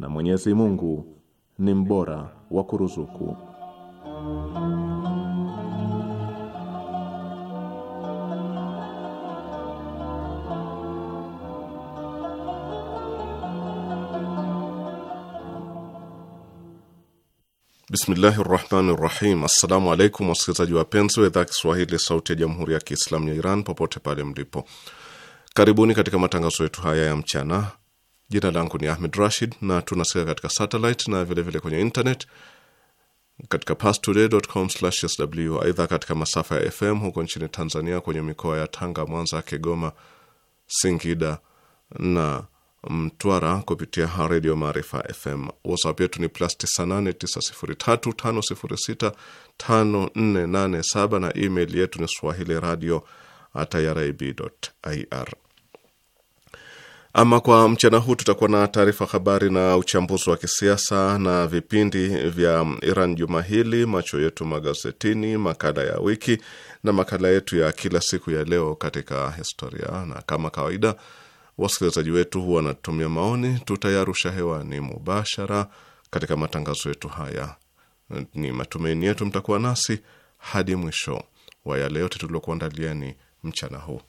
na Mwenyezi Mungu ni mbora wa kuruzuku. Bismillahi rahmani rahim. Assalamu alaikum wasikilizaji wapenzi wa idhaa Kiswahili sauti ya jamhuri ya Kiislamu ya Iran popote pale mlipo, karibuni katika matangazo yetu haya ya mchana Jina langu ni Ahmed Rashid na tunasikika katika satellite na vilevile vile kwenye internet katika pastoday.com/sw. Aidha, katika masafa ya FM huko nchini Tanzania, kwenye mikoa ya Tanga, Mwanza, Kigoma, Singida na Mtwara kupitia redio Maarifa FM. WhatsApp yetu ni plus 989035065487 na email yetu ni swahili radio irib.ir. Ama kwa mchana huu tutakuwa na taarifa habari na uchambuzi wa kisiasa na vipindi vya Iran juma hili, macho yetu magazetini, makala ya wiki na makala yetu ya kila siku ya leo katika historia. Na kama kawaida, wasikilizaji wetu huwa wanatumia maoni, tutayarusha hewani mubashara katika matangazo yetu haya. Ni matumaini yetu mtakuwa nasi hadi mwisho wa yale yote tuliokuandaliani mchana huu.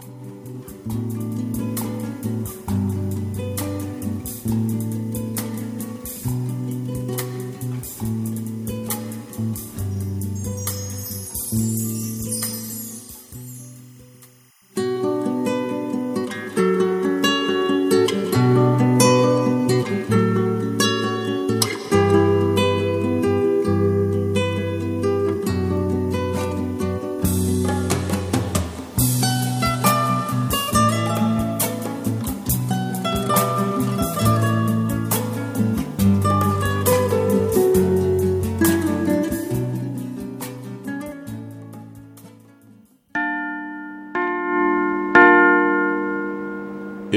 Thank you.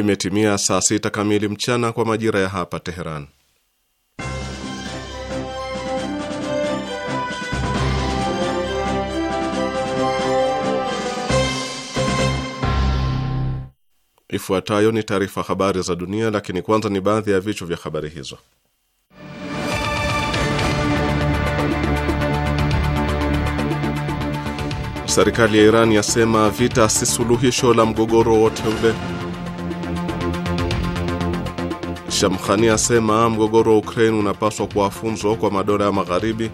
Imetimia saa sita kamili mchana kwa majira ya hapa Teheran. Ifuatayo ni taarifa habari za dunia, lakini kwanza ni baadhi ya vichwa vya habari hizo. Serikali ya Iran yasema vita si suluhisho la mgogoro wote ule. Shamkhani asema mgogoro wa Ukraine unapaswa kuwa funzo kwa madola ya Magharibi.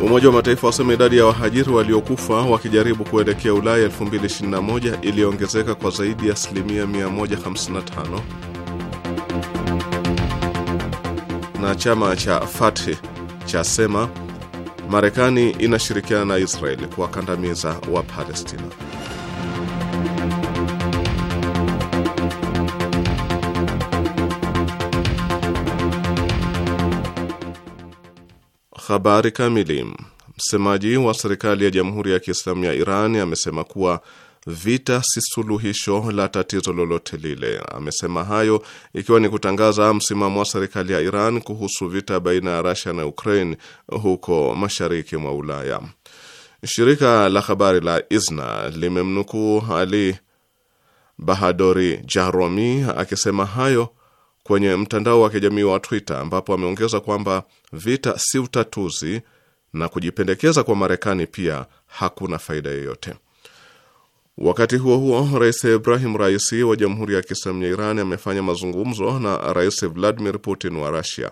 Umoja wa Mataifa wasema idadi ya wahajiri waliokufa wakijaribu kuelekea Ulaya 2021 iliongezeka kwa zaidi ya asilimia 155. Na chama cha Fatah chasema Marekani inashirikiana na Israeli kuwakandamiza wa Palestina. Habari kamili. Msemaji wa serikali ya Jamhuri ya Kiislamu ya Iran amesema kuwa vita si suluhisho la tatizo lolote lile. Amesema hayo ikiwa ni kutangaza msimamo wa serikali ya Iran kuhusu vita baina ya rasia na Ukraine huko mashariki mwa Ulaya. Shirika la habari la ISNA limemnukuu Ali Bahadori Jahromi akisema hayo kwenye mtandao wa kijamii wa Twitter ambapo ameongeza kwamba vita si utatuzi na kujipendekeza kwa Marekani pia hakuna faida yoyote. Wakati huo huo, Rais Ibrahim Raisi wa Jamhuri ya Kiislamu ya Iran amefanya mazungumzo na Rais Vladimir Putin wa Russia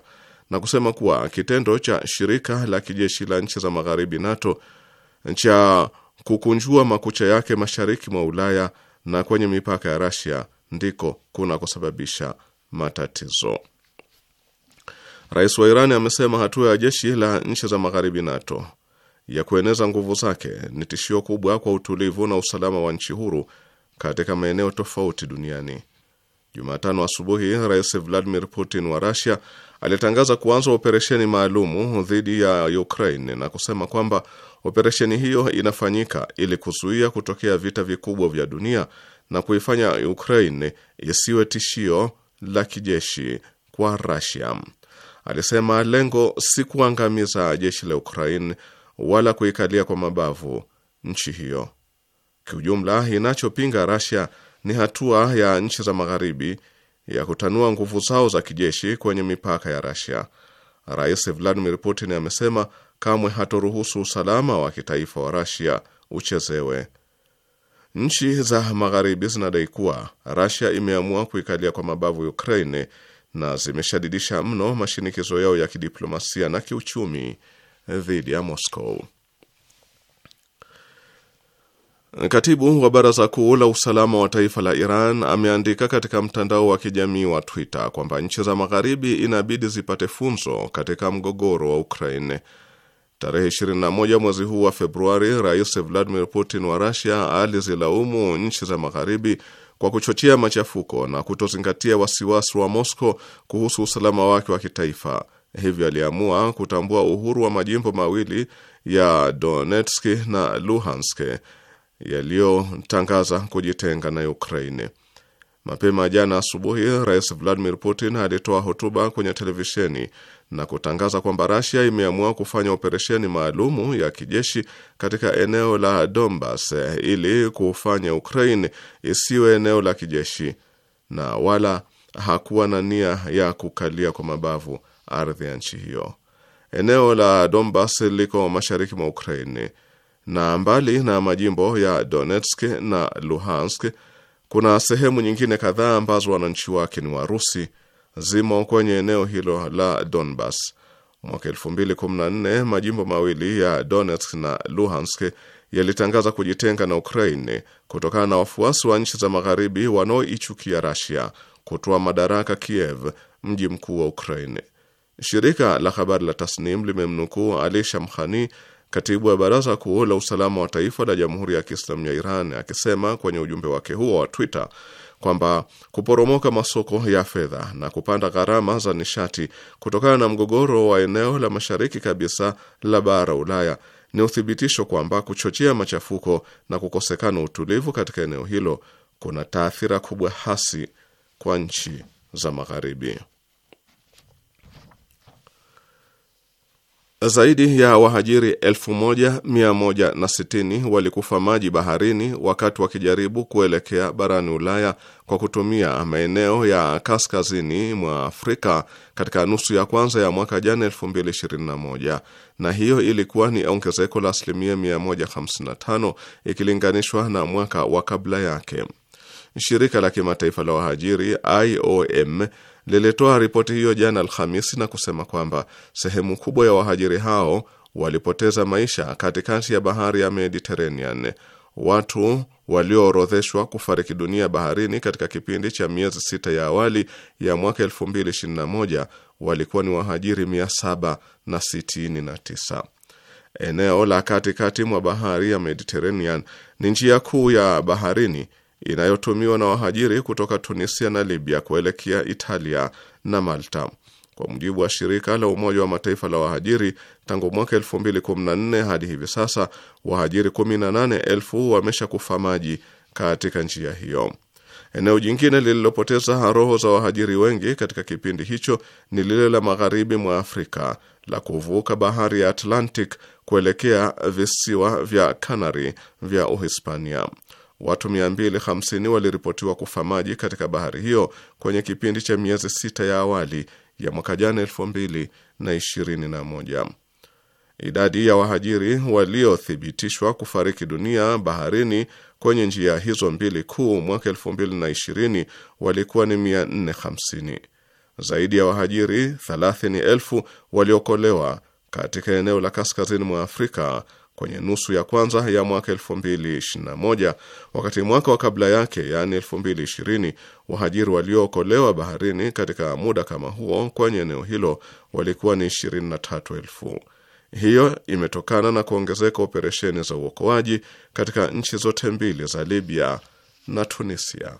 na kusema kuwa kitendo cha shirika la kijeshi la nchi za magharibi NATO cha kukunjua makucha yake mashariki mwa Ulaya na kwenye mipaka ya Russia ndiko kuna kusababisha matatizo. Rais wa Irani amesema hatua ya jeshi la nchi za magharibi NATO ya kueneza nguvu zake ni tishio kubwa kwa utulivu na usalama wa nchi huru katika maeneo tofauti duniani. Jumatano asubuhi, Rais Vladimir Putin wa Russia alitangaza kuanza operesheni maalumu dhidi ya Ukraine na kusema kwamba operesheni hiyo inafanyika ili kuzuia kutokea vita vikubwa vya dunia na kuifanya Ukraine isiwe tishio la kijeshi kwa Russia. Alisema lengo si kuangamiza jeshi la Ukraine wala kuikalia kwa mabavu nchi hiyo. Kiujumla, inachopinga Russia ni hatua ya nchi za magharibi ya kutanua nguvu zao za kijeshi kwenye mipaka ya Russia. Rais Vladimir Putin amesema kamwe hatoruhusu usalama wa kitaifa wa Russia uchezewe. Nchi za Magharibi zinadai kuwa Russia imeamua kuikalia kwa mabavu Ukraine na zimeshadidisha mno mashinikizo yao ya kidiplomasia na kiuchumi dhidi ya Moscow. Katibu wa Baraza Kuu la Usalama wa Taifa la Iran ameandika katika mtandao wa kijamii wa Twitter kwamba nchi za Magharibi inabidi zipate funzo katika mgogoro wa Ukraine. Tarehe 21 mwezi huu wa Februari, Rais Vladimir Putin wa Russia alizilaumu nchi za Magharibi kwa kuchochea machafuko na kutozingatia wasiwasi wa Moscow kuhusu usalama wake wa kitaifa. Hivyo aliamua kutambua uhuru wa majimbo mawili ya Donetsk na Luhansk yaliyotangaza kujitenga na Ukraine. Mapema jana asubuhi, Rais Vladimir Putin alitoa hotuba kwenye televisheni na kutangaza kwamba Rasia imeamua kufanya operesheni maalumu ya kijeshi katika eneo la Donbas eh, ili kufanya Ukraine isiwe eneo la kijeshi na wala hakuwa na nia ya kukalia kwa mabavu ardhi ya nchi hiyo. Eneo la Donbas liko mashariki mwa Ukraini na mbali na majimbo ya Donetsk na Luhansk kuna sehemu nyingine kadhaa ambazo wananchi wake ni Warusi zimo kwenye eneo hilo la Donbas. Mwaka nne majimbo mawili ya Donetsk na Luhansk yalitangaza kujitenga na Ukraine kutokana na wafuasi wa nchi za magharibi wanaoichukia rasia kutoa madaraka Kiev, mji mkuu wa Ukraine. Shirika la habari la Tasnim limemnukuu Ali Shamkhani, katibu wa baraza kuu la usalama wa taifa la Jamhuri ya Kiislamu ya Iran, akisema kwenye ujumbe wake huo wa Twitter kwamba kuporomoka masoko ya fedha na kupanda gharama za nishati kutokana na mgogoro wa eneo la mashariki kabisa la bara Ulaya ni uthibitisho kwamba kuchochea machafuko na kukosekana utulivu katika eneo hilo kuna taathira kubwa hasi kwa nchi za magharibi. Zaidi ya wahajiri 1160 walikufa maji baharini wakati wakijaribu kuelekea barani Ulaya kwa kutumia maeneo ya kaskazini mwa Afrika katika nusu ya kwanza ya mwaka jana 2021, na hiyo ilikuwa ni ongezeko la asilimia 155 ikilinganishwa na mwaka wa kabla yake. Shirika la kimataifa la wahajiri IOM lilitoa ripoti hiyo jana Alhamisi na kusema kwamba sehemu kubwa ya wahajiri hao walipoteza maisha katikati ya bahari ya Mediterranean. Watu walioorodheshwa kufariki dunia baharini katika kipindi cha miezi sita ya awali ya mwaka 2021 walikuwa ni wahajiri 769. Eneo la katikati mwa bahari ya Mediterranean ni njia kuu ya baharini inayotumiwa na wahajiri kutoka Tunisia na Libya kuelekea Italia na Malta. Kwa mujibu wa shirika la Umoja wa Mataifa la wahajiri, tangu mwaka 2014 hadi hivi sasa wahajiri 18,000 wameshakufa maji katika njia hiyo. Eneo jingine lililopoteza roho za wahajiri wengi katika kipindi hicho ni lile la magharibi mwa Afrika la kuvuka bahari ya Atlantic kuelekea visiwa vya Canary vya Uhispania. Watu 250 waliripotiwa kufa maji katika bahari hiyo kwenye kipindi cha miezi sita ya awali ya mwaka jana 2021. Idadi ya wahajiri waliothibitishwa kufariki dunia baharini kwenye njia hizo mbili kuu mwaka 2020 walikuwa ni 450. Zaidi ya wahajiri 30,000 waliokolewa katika eneo la kaskazini mwa Afrika kwenye nusu ya kwanza ya mwaka 2021. Wakati mwaka wa kabla yake, yaani 2020, wahajiri waliookolewa baharini katika muda kama huo kwenye eneo hilo walikuwa ni 23,000. Hiyo imetokana na kuongezeka operesheni za uokoaji katika nchi zote mbili za Libya na Tunisia.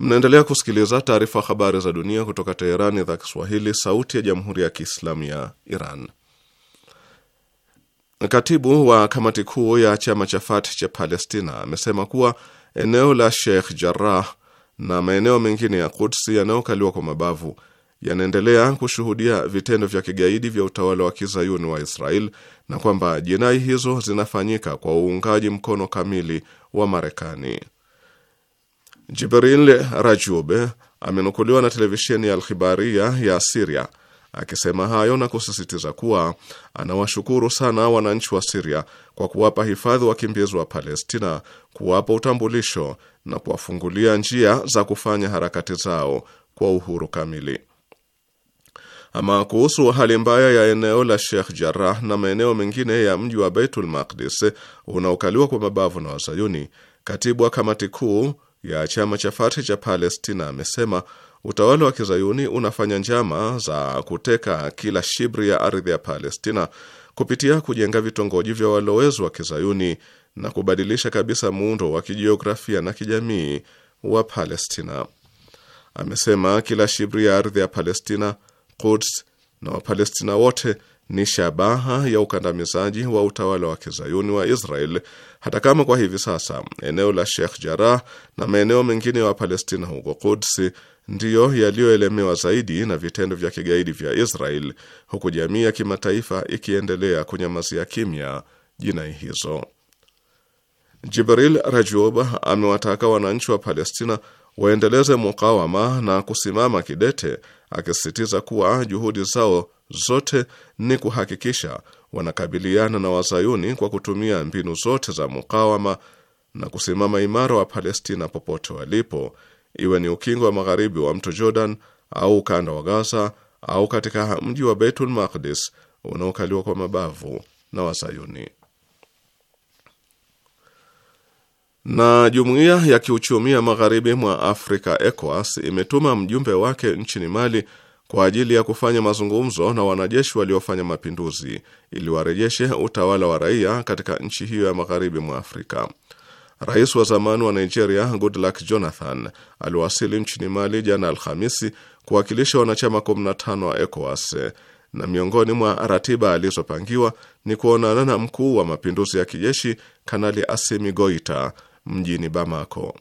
Mnaendelea kusikiliza taarifa habari za dunia kutoka Teherani, idhaa Kiswahili, sauti ya jamhuri ya kiislamu ya Iran. Katibu wa kamati kuu ya chama cha Fatah cha Palestina amesema kuwa eneo la Sheikh Jarrah na maeneo mengine ya Kudsi yanayokaliwa kwa mabavu yanaendelea kushuhudia vitendo vya kigaidi vya utawala wa kizayuni wa Israel na kwamba jinai hizo zinafanyika kwa uungaji mkono kamili wa Marekani. Jibril Rajube amenukuliwa na televisheni ya Alkhibaria ya Siria Akisema hayo na kusisitiza kuwa anawashukuru sana wananchi wa Siria kwa kuwapa hifadhi wakimbizi wa Palestina, kuwapa utambulisho na kuwafungulia njia za kufanya harakati zao kwa uhuru kamili. Ama kuhusu hali mbaya ya eneo la Sheikh Jarrah na maeneo mengine ya mji wa Baitul Maqdis unaokaliwa kwa mabavu na Wazayuni, katibu wa kamati kuu ya chama cha Fatah cha Palestina amesema Utawala wa kizayuni unafanya njama za kuteka kila shibri ya ardhi ya Palestina kupitia kujenga vitongoji vya walowezi wa kizayuni na kubadilisha kabisa muundo wa kijiografia na kijamii wa Palestina. Amesema kila shibri ya ardhi ya Palestina, Quds na Wapalestina wote ni shabaha ya ukandamizaji wa utawala wa kizayuni wa Israel, hata kama kwa hivi sasa eneo la Sheikh Jarrah na maeneo mengine ya wa Palestina huko Kudsi ndiyo yaliyoelemewa zaidi na vitendo vya kigaidi vya Israel, huku jamii ya kimataifa ikiendelea kunyamazia kimya jinai hizo. Jibril Rajub amewataka wananchi wa Palestina waendeleze mukawama na kusimama kidete, akisisitiza kuwa juhudi zao zote ni kuhakikisha wanakabiliana na wazayuni kwa kutumia mbinu zote za mukawama na kusimama imara wa Palestina popote walipo, iwe ni ukingo wa magharibi wa mto Jordan au ukanda wa Gaza au katika mji wa Beitul Maqdis unaokaliwa kwa mabavu na wazayuni. Na jumuiya ya kiuchumi ya magharibi mwa Afrika ECOWAS imetuma mjumbe wake nchini Mali kwa ajili ya kufanya mazungumzo na wanajeshi waliofanya mapinduzi ili warejeshe utawala wa raia katika nchi hiyo ya magharibi mwa Afrika. Rais wa zamani wa Nigeria Goodluck Jonathan aliwasili nchini Mali jana Alhamisi kuwakilisha wanachama 15 wa ECOWAS na miongoni mwa ratiba alizopangiwa ni kuonana na mkuu wa mapinduzi ya kijeshi Kanali Asimi Goita mjini Bamako.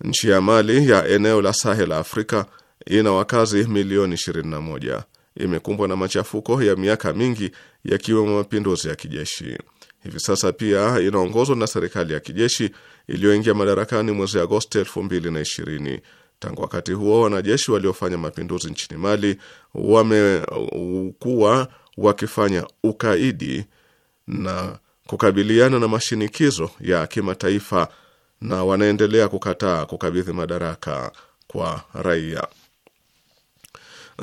Nchi ya Mali ya eneo la Sahel Afrika ina wakazi milioni 21. Imekumbwa na machafuko ya miaka mingi yakiwemo mapinduzi ya kijeshi. Hivi sasa pia inaongozwa na serikali ya kijeshi iliyoingia madarakani mwezi Agosti 2020. Tangu wakati huo wanajeshi waliofanya mapinduzi nchini Mali wamekuwa wakifanya ukaidi na kukabiliana na mashinikizo ya kimataifa na wanaendelea kukataa kukabidhi madaraka kwa raia.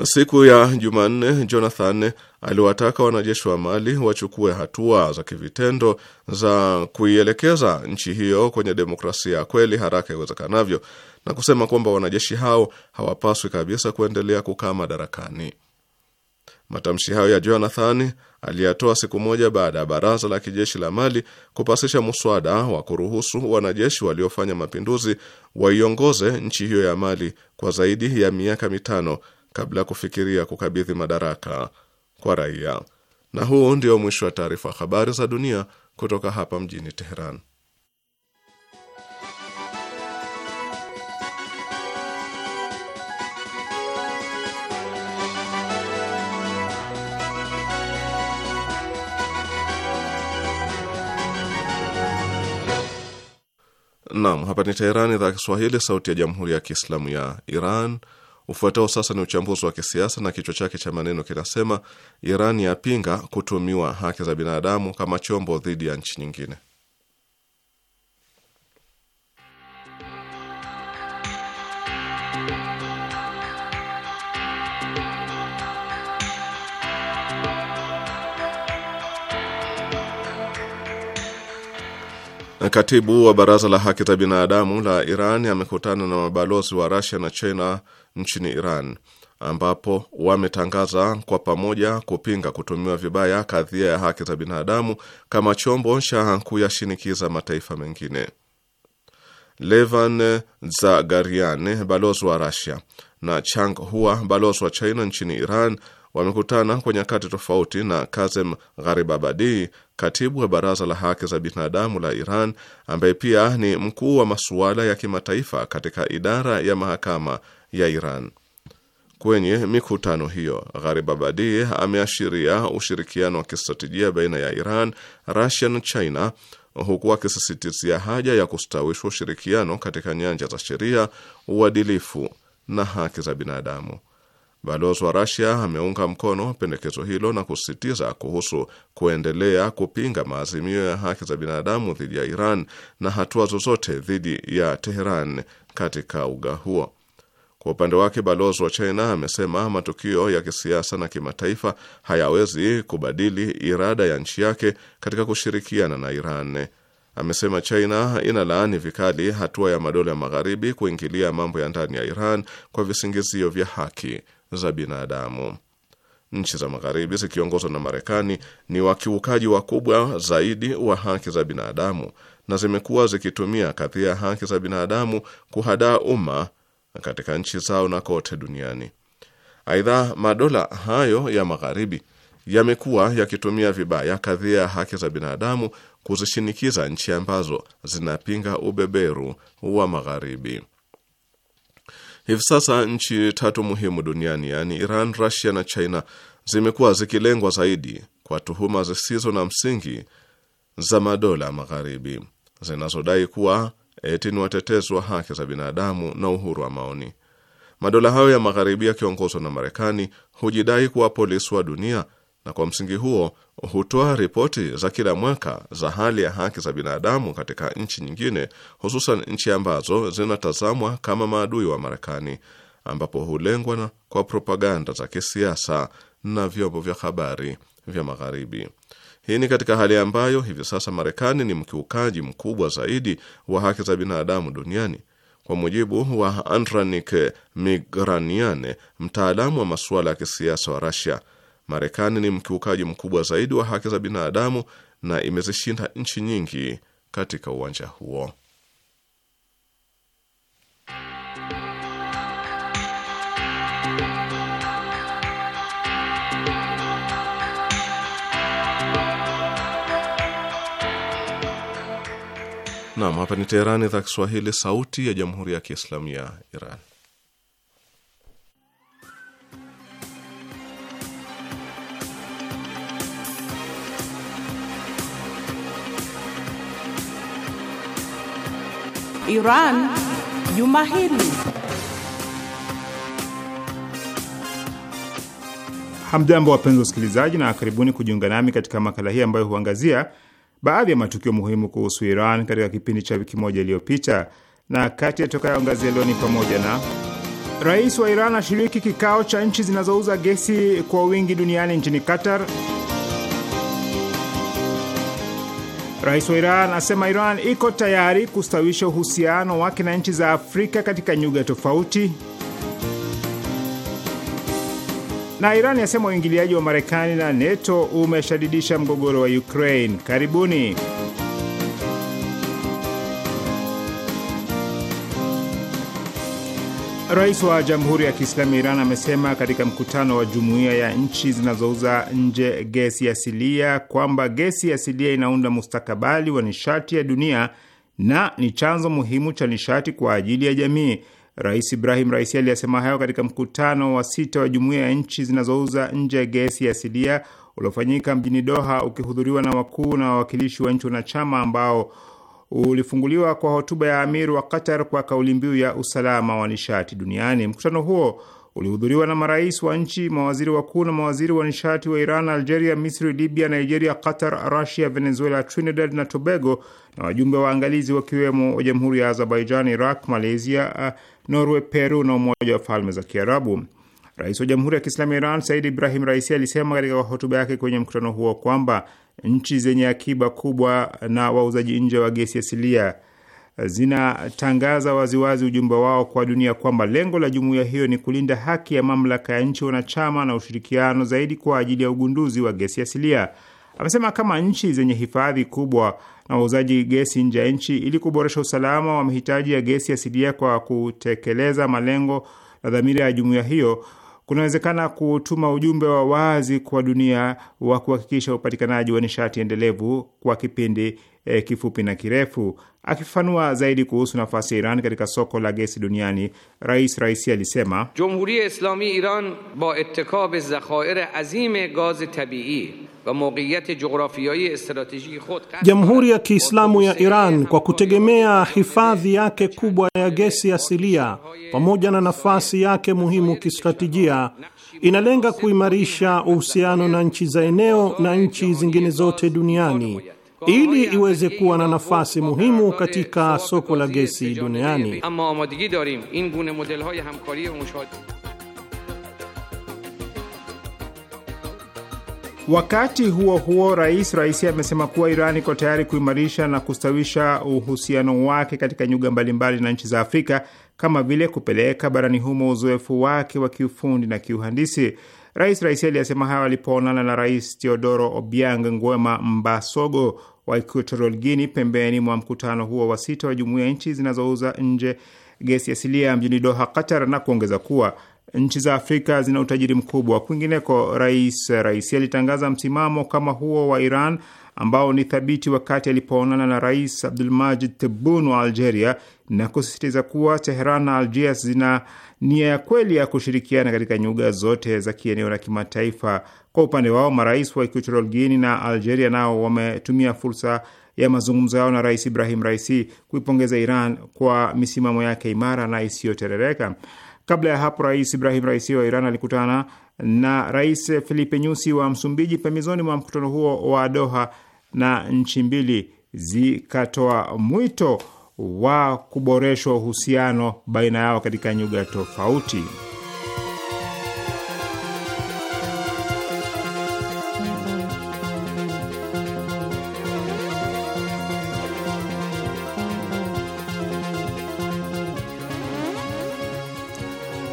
Siku ya Jumanne, Jonathan aliwataka wanajeshi wa Mali wachukue hatua za kivitendo za kuielekeza nchi hiyo kwenye demokrasia ya kweli haraka iwezekanavyo, na kusema kwamba wanajeshi hao hawapaswi kabisa kuendelea kukaa madarakani. Matamshi hayo ya Jonathan aliyatoa siku moja baada ya baraza la kijeshi la Mali kupasisha muswada wa kuruhusu wanajeshi waliofanya mapinduzi waiongoze nchi hiyo ya Mali kwa zaidi ya miaka mitano kabla ya kufikiria kukabidhi madaraka kwa raia. Na huu ndio mwisho wa taarifa ya habari za dunia kutoka hapa mjini Teheran. Naam, hapa ni Teherani, idhaa ya Kiswahili, sauti ya jamhuri ya kiislamu ya Iran. Ufuatao sasa ni uchambuzi wa kisiasa na kichwa chake cha maneno kinasema: Iran yapinga kutumiwa haki za binadamu kama chombo dhidi ya nchi nyingine. Katibu wa Baraza la Haki za Binadamu la Iran amekutana na mabalozi wa rusia na China nchini Iran ambapo wametangaza kwa pamoja kupinga kutumiwa vibaya kadhia ya haki za binadamu kama chombo cha kuyashinikiza mataifa mengine. Levan Zagarian, balozi wa rasia na Chang Hua, balozi wa China nchini Iran, wamekutana kwa nyakati tofauti na Kazem Gharibabadi, katibu wa baraza la haki za binadamu la Iran, ambaye pia ni mkuu wa masuala ya kimataifa katika idara ya mahakama ya Iran. Kwenye mikutano hiyo, Gharibabadi ameashiria ushirikiano wa kistratejia baina ya Iran, Rusia na China, huku akisisitizia haja ya kustawishwa ushirikiano katika nyanja za sheria, uadilifu na haki za binadamu. Balozi wa Rasia ameunga mkono pendekezo hilo na kusisitiza kuhusu kuendelea kupinga maazimio ya haki za binadamu dhidi ya Iran na hatua zozote dhidi ya Teheran katika uga huo. Kwa upande wake balozi wa China amesema matukio ya kisiasa na kimataifa hayawezi kubadili irada ya nchi yake katika kushirikiana na Iran. Amesema China inalaani vikali hatua ya madola ya magharibi kuingilia mambo ya ndani ya Iran kwa visingizio vya haki za binadamu. Nchi za magharibi zikiongozwa na Marekani ni wakiukaji wakubwa zaidi wa haki za binadamu na zimekuwa zikitumia kadhia ya haki za binadamu kuhadaa umma katika nchi zao na kote duniani. Aidha, madola hayo ya magharibi yamekuwa yakitumia vibaya kadhia ya haki za binadamu kuzishinikiza nchi ambazo zinapinga ubeberu wa magharibi. Hivi sasa nchi tatu muhimu duniani, yaani Iran, Rusia na China, zimekuwa zikilengwa zaidi kwa tuhuma zisizo na msingi za madola magharibi zinazodai kuwa eti ni watetezi wa haki za binadamu na uhuru wa maoni. Madola hayo ya magharibi yakiongozwa na Marekani hujidai kuwa polisi wa dunia na kwa msingi huo hutoa ripoti za kila mwaka za hali ya haki za binadamu katika nchi nyingine, hususan nchi ambazo zinatazamwa kama maadui wa Marekani, ambapo hulengwa kwa propaganda za kisiasa na vyombo vya habari vya magharibi. Hii ni katika hali ambayo hivi sasa Marekani ni mkiukaji mkubwa zaidi wa haki za binadamu duniani. Kwa mujibu wa Andranik Migraniane, mtaalamu wa masuala ya kisiasa wa Rasia, Marekani ni mkiukaji mkubwa zaidi wa haki za binadamu na imezishinda nchi nyingi katika uwanja huo. Naam, hapa ni Teherani, idhaa Kiswahili, sauti ya jamhuri ya kiislamu ya Iran. Iran juma hili. Hamjambo, wapenzi usikilizaji na karibuni kujiunga nami katika makala hii ambayo huangazia baadhi ya matukio muhimu kuhusu Iran katika kipindi cha wiki moja iliyopita, na kati ya ngazi angazia leo ni pamoja na rais wa Iran ashiriki kikao cha nchi zinazouza gesi kwa wingi duniani nchini Qatar, rais wa Iran asema Iran iko tayari kustawisha uhusiano wake na nchi za Afrika katika nyuga tofauti Na Iran yasema uingiliaji wa Marekani na NATO umeshadidisha mgogoro wa Ukraine. Karibuni. Rais wa Jamhuri ya Kiislamu ya Iran amesema katika mkutano wa jumuiya ya nchi zinazouza nje gesi asilia kwamba gesi asilia inaunda mustakabali wa nishati ya dunia na ni chanzo muhimu cha nishati kwa ajili ya jamii. Rais Ibrahim Raisi aliyasema hayo katika mkutano wa sita wa jumuiya ya nchi zinazouza nje ya gesi asilia uliofanyika mjini Doha, ukihudhuriwa na wakuu na wawakilishi wa nchi wanachama ambao ulifunguliwa kwa hotuba ya Amir wa Qatar kwa kauli mbiu ya usalama wa nishati duniani. Mkutano huo ulihudhuriwa na marais wa nchi, mawaziri wakuu na mawaziri wa nishati wa Iran, Algeria, Misri, Libya, Nigeria, Qatar, rasia Venezuela, Trinidad na Tobago na wajumbe waangalizi wakiwemo wa jamhuri ya Azerbaijan, Iraq, Malaysia, uh, Norway, Peru na Umoja wa Falme za Kiarabu. Rais wa Jamhuri ya Kiislamu ya Iran Said Ibrahim Raisi alisema katika hotuba yake kwenye mkutano huo kwamba nchi zenye akiba kubwa na wauzaji nje wa gesi asilia zinatangaza waziwazi ujumbe wao kwa dunia kwamba lengo la jumuiya hiyo ni kulinda haki ya mamlaka ya nchi wanachama na ushirikiano zaidi kwa ajili ya ugunduzi wa gesi asilia. Amesema kama nchi zenye hifadhi kubwa na wauzaji gesi nje ya nchi, ili kuboresha usalama wa mahitaji ya gesi asilia kwa kutekeleza malengo na dhamira ya jumuiya hiyo kunawezekana kutuma ujumbe wa wazi kwa dunia wa kuhakikisha upatikanaji wa nishati endelevu kwa kipindi e, kifupi na kirefu. Akifafanua zaidi kuhusu nafasi ya Iran katika soko la gesi duniani, Rais Raisi alisema Jamhuri ya Islami Iran ba itikab zakhair azim gaz tabii Jamhuri ya Kiislamu ya Iran kwa kutegemea hifadhi yake kubwa ya gesi asilia pamoja na nafasi yake muhimu kistratejia, inalenga kuimarisha uhusiano na nchi za eneo na nchi zingine zote duniani ili iweze kuwa na nafasi muhimu katika soko la gesi duniani. Wakati huo huo, Rais Raisi amesema kuwa Iran iko tayari kuimarisha na kustawisha uhusiano wake katika nyuga mbalimbali na nchi za Afrika kama vile kupeleka barani humo uzoefu wake wa kiufundi na kiuhandisi. Rais Raisi aliyesema hayo alipoonana na Rais Teodoro Obiang Nguema Mbasogo wa Equatorial Guinea pembeni mwa mkutano huo wa sita wa jumuiya ya nchi zinazouza nje gesi asilia mjini Doha, Qatar, na kuongeza kuwa nchi za Afrika zina utajiri mkubwa. Kwingineko, rais Raisi alitangaza msimamo kama huo wa Iran ambao ni thabiti wakati alipoonana na rais Abdulmajid Tebboune wa Algeria na kusisitiza kuwa Teheran na Algiers zina nia ya kweli ya kushirikiana katika nyuga zote za kieneo na kimataifa. Kwa upande wao, marais wa Equatorial Guinea na Algeria nao wametumia fursa ya mazungumzo yao na Rais Ibrahim Raisi kuipongeza Iran kwa misimamo yake imara na isiyoterereka. Kabla ya hapo, Rais Ibrahim Raisi wa Iran alikutana na Rais Filipe Nyusi wa Msumbiji pembezoni mwa mkutano huo wa Doha, na nchi mbili zikatoa mwito wa kuboreshwa uhusiano baina yao katika nyuga tofauti.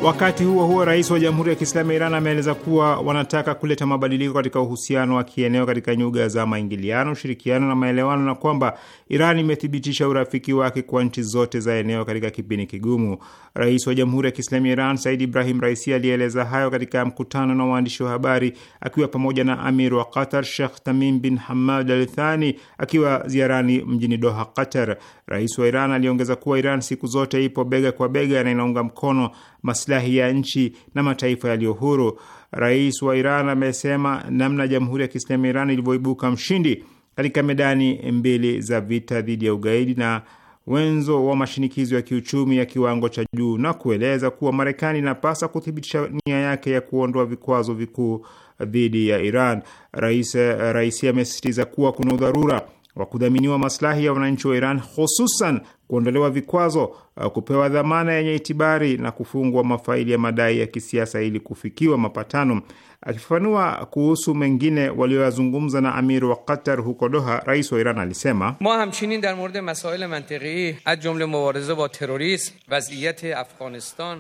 Wakati huo huo, rais wa Jamhuri ya Kiislamu ya Iran ameeleza kuwa wanataka kuleta mabadiliko katika uhusiano wa kieneo katika nyuga za maingiliano, ushirikiano na maelewano, na kwamba Iran imethibitisha urafiki wake kwa nchi zote za eneo katika kipindi kigumu. Rais wa Jamhuri ya Kiislamu ya Iran Said Ibrahim Raisi alieleza hayo katika mkutano na waandishi wa habari akiwa pamoja na amir wa Qatar Shekh Tamim bin Hamad Al Thani akiwa ziarani mjini Doha, Qatar. Rais wa Iran aliongeza kuwa Iran siku zote ipo bega kwa bega na inaunga mkono maslahi maslahi ya nchi na mataifa yaliyo huru. Rais wa Iran amesema namna Jamhuri ya Kiislamu ya Iran ilivyoibuka mshindi katika medani mbili za vita dhidi ya ugaidi na wenzo wa mashinikizo ya kiuchumi ya kiwango cha juu na kueleza kuwa Marekani inapasa kuthibitisha nia yake ya kuondoa vikwazo vikuu dhidi ya Iran. Rais raisi amesisitiza kuwa kuna udharura wa kudhaminiwa maslahi ya wananchi wa Iran, hususan kuondolewa vikwazo, uh, kupewa dhamana yenye itibari na kufungwa mafaili ya madai ya kisiasa ili kufikiwa mapatano. Akifafanua kuhusu mengine walioyazungumza na amir wa Qatar huko Doha, rais wa Iran alisema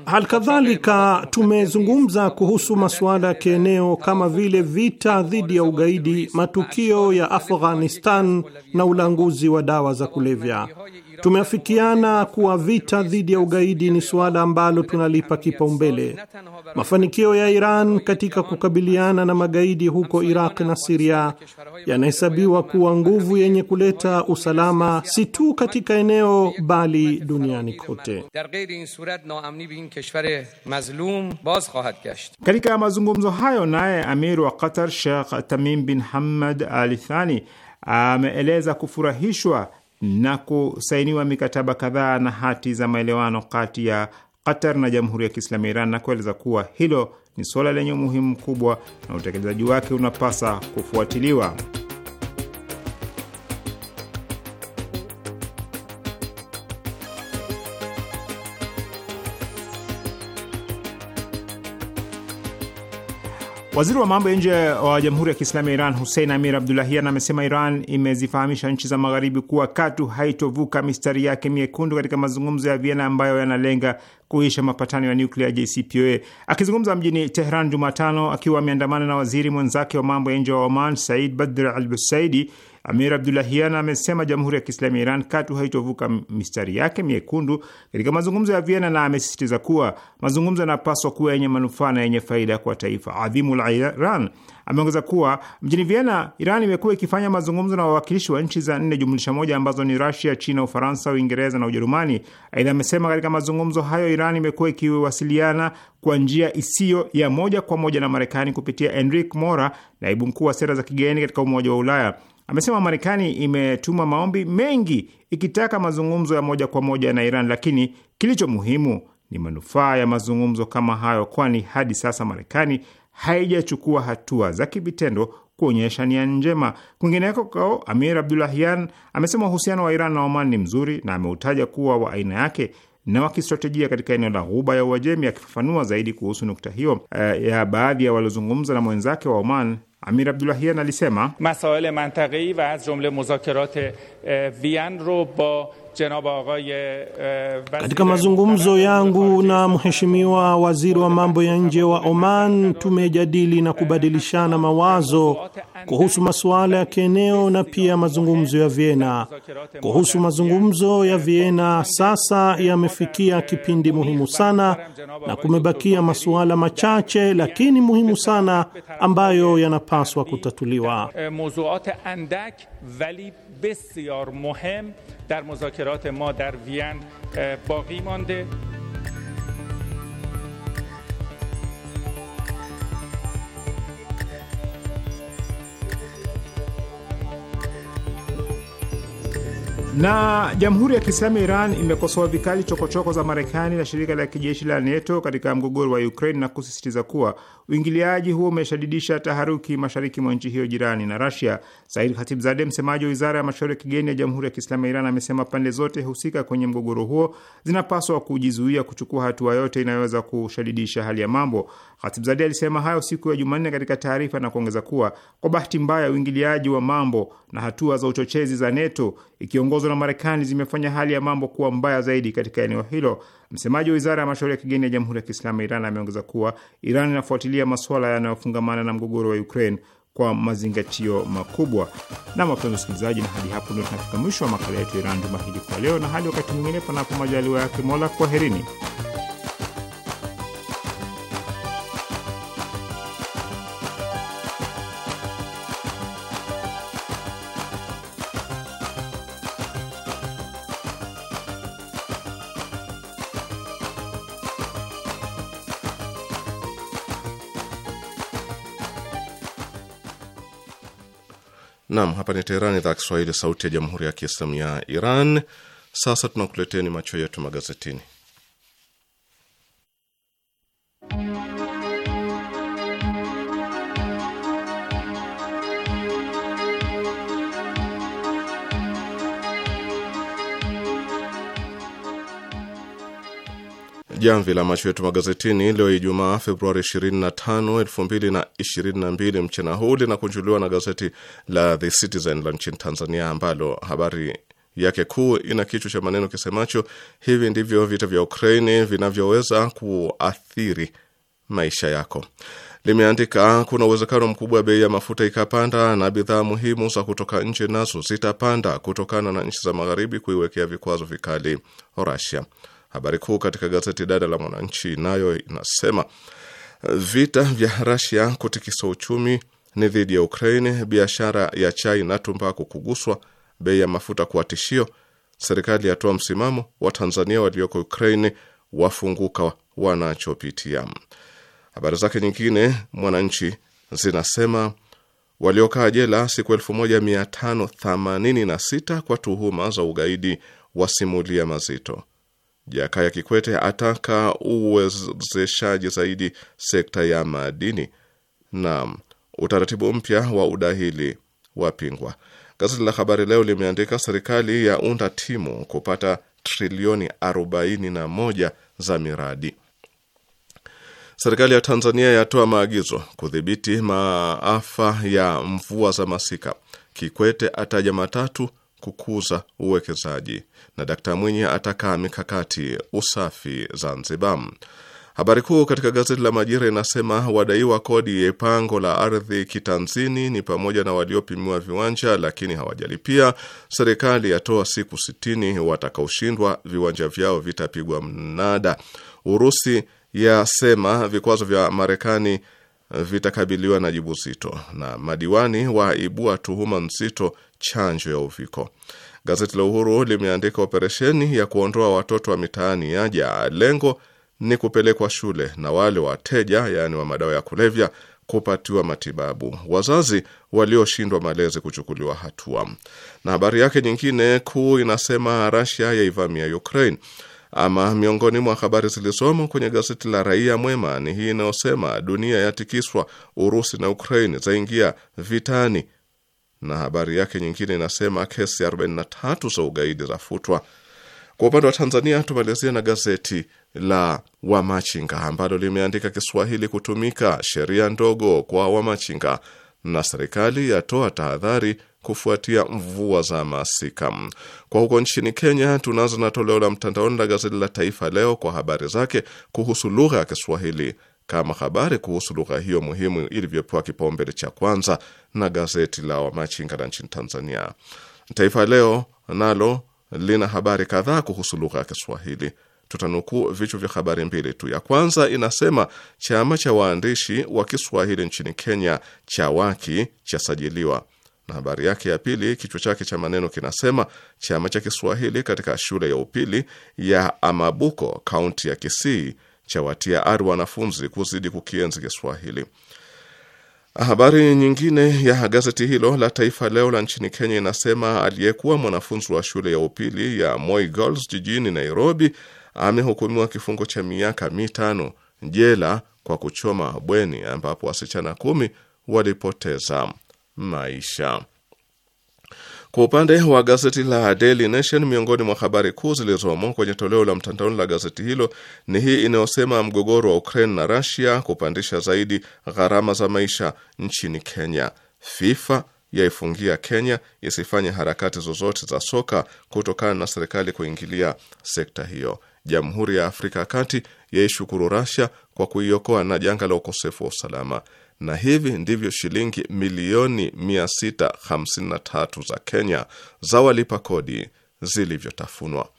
hali kadhalika tumezungumza kuhusu masuala ya kieneo kama vile vita dhidi ya ugaidi, matukio ya Afghanistan na ulanguzi wa dawa za kulevya. Tumeafikiana kuwa vita dhidi ya ugaidi ni suala ambalo tunalipa kipaumbele. Mafanikio ya Iran katika kukabiliana na magaidi huko Iraq na Siria yanahesabiwa kuwa nguvu yenye kuleta usalama si tu katika eneo bali duniani kote. Katika mazungumzo hayo, naye amir wa Qatar Sheikh Tamim bin Hamad Al Thani ameeleza kufurahishwa na kusainiwa mikataba kadhaa na hati za maelewano kati ya Qatar na Jamhuri ya Kiislamu ya Iran na kueleza kuwa hilo ni suala lenye umuhimu mkubwa na utekelezaji wake unapasa kufuatiliwa. Waziri wa mambo ya nje wa Jamhuri ya Kiislamu ya Iran Hussein Amir Abdulahian amesema Iran imezifahamisha nchi za Magharibi kuwa katu haitovuka mistari yake miekundu katika mazungumzo ya Vienna ambayo yanalenga kuisha mapatano ya nuklia JCPOA. Akizungumza mjini Tehran Jumatano akiwa ameandamana na waziri mwenzake wa mambo ya nje wa Oman Said Badr Al Busaidi, Amir Abdulahian amesema Jamhuri ya Kiislamu ya Iran katu haitovuka mistari yake miekundu katika mazungumzo ya Vienna, na amesisitiza kuwa mazungumzo yanapaswa kuwa yenye manufaa na yenye faida kwa taifa adhimu la Iran. Ameongeza kuwa mjini Vienna, Iran imekuwa ikifanya mazungumzo na wawakilishi wa nchi za nne jumlisha moja ambazo ni Rasia, China, Ufaransa, Uingereza na Ujerumani. Aidha amesema katika mazungumzo hayo Iran imekuwa ikiwasiliana kwa njia isiyo ya moja kwa moja na Marekani kupitia Enrique Mora, naibu mkuu wa sera za kigeni katika Umoja wa Ulaya amesema Marekani imetuma maombi mengi ikitaka mazungumzo ya moja kwa moja na Iran, lakini kilicho muhimu ni manufaa ya mazungumzo kama hayo, kwani hadi sasa Marekani haijachukua hatua za kivitendo kuonyesha nia njema. Kwingineko kao, Amir Abdulahian amesema uhusiano wa Iran na Oman ni mzuri na ameutaja kuwa wa aina yake na wa kistratejia katika eneo la Ghuba ya Uajemi. Akifafanua zaidi kuhusu nukta hiyo uh, ya baadhi ya waliozungumza na mwenzake wa Oman Amir Abdulahian alisema masaele mantakai wa az jumle muzakerat eh, vian ro ba Eh, eh, Katika mazungumzo yangu na mheshimiwa waziri wa mambo ya nje wa Oman, tumejadili na kubadilishana mawazo kuhusu masuala ya kieneo na pia mazungumzo ya Vienna. Kuhusu mazungumzo ya Vienna, sasa yamefikia kipindi muhimu sana na kumebakia masuala machache lakini muhimu sana ambayo yanapaswa kutatuliwa. Eh, بسیار مهم در مذاکرات ما در وین باقی مانده Na Jamhuri ya Kiislamu ya Iran imekosoa vikali chokochoko za Marekani na shirika la kijeshi la NATO katika mgogoro wa Ukraine na kusisitiza kuwa uingiliaji huo umeshadidisha taharuki mashariki mwa nchi hiyo jirani na Rasia. Said Khatibzadeh, msemaji wa wizara ya mashauri ya kigeni ya Jamhuri ya Kiislamu ya Iran, amesema pande zote husika kwenye mgogoro huo zinapaswa kujizuia kuchukua hatua yote inayoweza kushadidisha hali ya mambo. Khatibzadeh alisema hayo siku ya Jumanne katika taarifa na kuongeza kuwa, kwa bahati mbaya, uingiliaji wa mambo na hatua za uchochezi za NATO ikiongozwa na Marekani zimefanya hali ya mambo kuwa mbaya zaidi katika eneo hilo. Msemaji wa wizara ya mashauri ya kigeni ya Jamhuri ya Kiislamu ya Iran ameongeza kuwa Iran inafuatilia masuala yanayofungamana na mgogoro wa Ukraine kwa mazingatio makubwa. Na wapenzi wasikilizaji, na hadi hapo ndio tunafika mwisho wa makala yetu Iran juma hili kwa leo, na hadi wakati mwingine, panapo majaliwa yake Mola, kwaherini. Nam, hapa ni Teherani, idhaa Kiswahili, sauti ya jamhuri ya kiislamu ya Iran. Sasa tunakuleteni macho yetu magazetini. jamvi la macho yetu magazetini leo Ijumaa, Februari 25, 2022 mchana huu linakunjuliwa na gazeti la The Citizen la nchini Tanzania, ambalo habari yake kuu ina kichwa cha maneno kisemacho hivi ndivyo vita vya Ukraini vinavyoweza kuathiri maisha yako. Limeandika kuna uwezekano mkubwa bei ya mafuta ikapanda na bidhaa muhimu za kutoka nje nazo zitapanda kutokana na nchi za magharibi kuiwekea vikwazo vikali Russia. Habari kuu katika gazeti dada la Mwananchi nayo inasema vita vya Rasia kutikisa uchumi ni dhidi ya Ukraine, biashara ya chai na tumbaku kuguswa, bei ya mafuta kuwa tishio, serikali yatoa msimamo, Watanzania walioko Ukraine wafunguka wanachopitia. Habari zake nyingine Mwananchi zinasema waliokaa jela siku 1586 kwa tuhuma za ugaidi wasimulia mazito, Jakaya Kikwete ataka uwezeshaji zaidi sekta ya madini na utaratibu mpya wa udahili wapingwa. Gazeti la Habari Leo limeandika serikali ya unda timu kupata trilioni 41 za miradi. Serikali ya Tanzania yatoa maagizo kudhibiti maafa ya mvua za masika. Kikwete ataja matatu kukuza uwekezaji na Dkt Mwinyi atakaa mikakati usafi Zanzibar. Habari kuu katika gazeti la Majira inasema wadaiwa kodi ya pango la ardhi kitanzini ni pamoja na waliopimiwa viwanja lakini hawajalipia. Serikali yatoa siku sitini, watakaoshindwa viwanja vyao vitapigwa mnada. Urusi yasema vikwazo vya Marekani vitakabiliwa na jibu zito, na madiwani waibua tuhuma nzito chanjo ya uviko. Gazeti la Uhuru limeandika operesheni ya kuondoa watoto wa mitaani yaja, lengo ni kupelekwa shule na wale wateja, yaani wa madawa ya kulevya kupatiwa matibabu, wazazi walioshindwa malezi kuchukuliwa hatua. Na habari yake nyingine kuu inasema Russia yaivamia Ukraine. Ama miongoni mwa habari zilizomo kwenye gazeti la Raia Mwema ni hii inayosema dunia yatikiswa, Urusi na Ukraine zaingia vitani na habari yake nyingine inasema kesi 43 za ugaidi zafutwa. Kwa upande wa Tanzania tumalizia na gazeti la Wamachinga ambalo limeandika Kiswahili kutumika sheria ndogo kwa Wamachinga, na serikali yatoa tahadhari kufuatia mvua za masika. Kwa huko nchini Kenya, tunaanza na toleo la mtandaoni la gazeti la Taifa Leo kwa habari zake kuhusu lugha ya Kiswahili kama habari kuhusu lugha hiyo muhimu ilivyopewa kipaumbele cha kwanza na gazeti la Wamachinga la nchini Tanzania. Taifa Leo nalo lina habari kadhaa kuhusu lugha ya Kiswahili. Tutanukuu vichwa vya habari mbili tu. Ya kwanza inasema chama cha waandishi wa Kiswahili nchini Kenya cha waki chasajiliwa, na habari yake ya pili kichwa chake cha maneno kinasema chama cha Kiswahili katika shule ya upili ya Amabuko, kaunti ya Kisii chawatia ari wanafunzi kuzidi kukienzi Kiswahili. Habari nyingine ya gazeti hilo la Taifa Leo la nchini Kenya inasema aliyekuwa mwanafunzi wa shule ya upili ya Moi Girls jijini Nairobi amehukumiwa kifungo cha miaka mitano jela kwa kuchoma bweni ambapo wasichana kumi walipoteza maisha. Kwa upande wa gazeti la Daily Nation, miongoni mwa habari kuu zilizomo kwenye toleo la mtandaoni la gazeti hilo ni hii inayosema mgogoro wa Ukraine na Russia kupandisha zaidi gharama za maisha nchini Kenya. FIFA yaifungia Kenya isifanye harakati zozote za soka kutokana na serikali kuingilia sekta hiyo. Jamhuri ya Afrika ya Kati yaishukuru Russia kwa kuiokoa na janga la ukosefu wa usalama na hivi ndivyo shilingi milioni 653 za Kenya za walipa kodi zilivyotafunwa.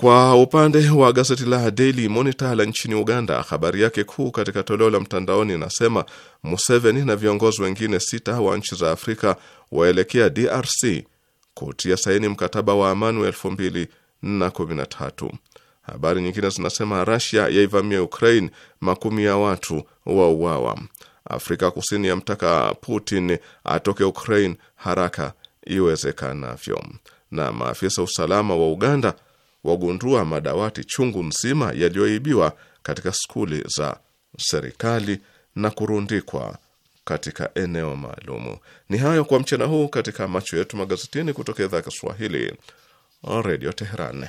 Kwa upande wa gazeti la Daily Monitor la nchini Uganda, habari yake kuu katika toleo la mtandaoni inasema Museveni na viongozi wengine sita wa nchi za Afrika waelekea DRC kutia saini mkataba wa amani wa 2013. Habari nyingine zinasema Russia yaivamia Ukraine, makumi ya watu wauawa. Afrika Kusini yamtaka Putin atoke Ukraine haraka iwezekanavyo. Na maafisa usalama wa Uganda wagundua madawati chungu nzima yaliyoibiwa katika skuli za serikali na kurundikwa katika eneo maalumu. Ni hayo kwa mchana huu katika macho yetu magazetini kutoka idhaa ya Kiswahili, Redio Teheran.